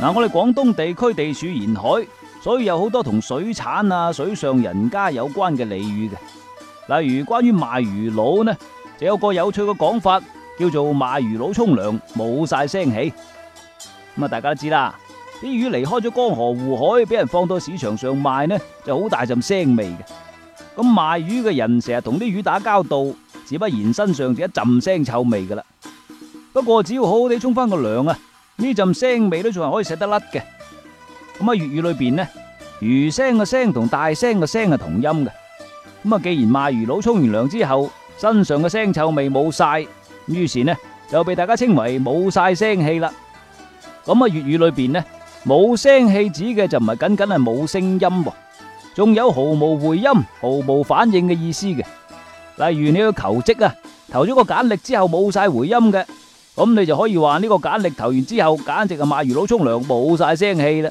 嗱、啊，我哋廣東地區地處沿海，所以有好多同水產啊、水上人家有關嘅俚語嘅。例如關於賣魚佬呢，就有個有趣嘅講法，叫做賣魚佬沖涼，冇晒聲氣。咁啊、嗯，大家知啦，啲魚離開咗江河湖海，俾人放到市場上賣呢，就好大陣腥味嘅。咁賣魚嘅人成日同啲魚打交道，只不然身上就一陣腥臭味噶啦。不過只要好好地沖翻個涼啊！呢陣聲味都仲係可以洗得甩嘅，咁啊粵語裏邊呢，魚聲嘅聲同大聲嘅聲係同音嘅，咁啊既然賣魚佬沖完涼之後身上嘅腥臭味冇晒，咁於是呢就被大家稱為冇晒聲氣啦。咁啊粵語裏邊呢，冇聲氣指嘅就唔係僅僅係冇聲音，仲有毫無回音、毫無反應嘅意思嘅。例如你要求職啊，投咗個簡歷之後冇晒回音嘅。咁你就可以話呢個簡歷投完之後，簡直係賣魚佬沖涼冇晒聲氣啦。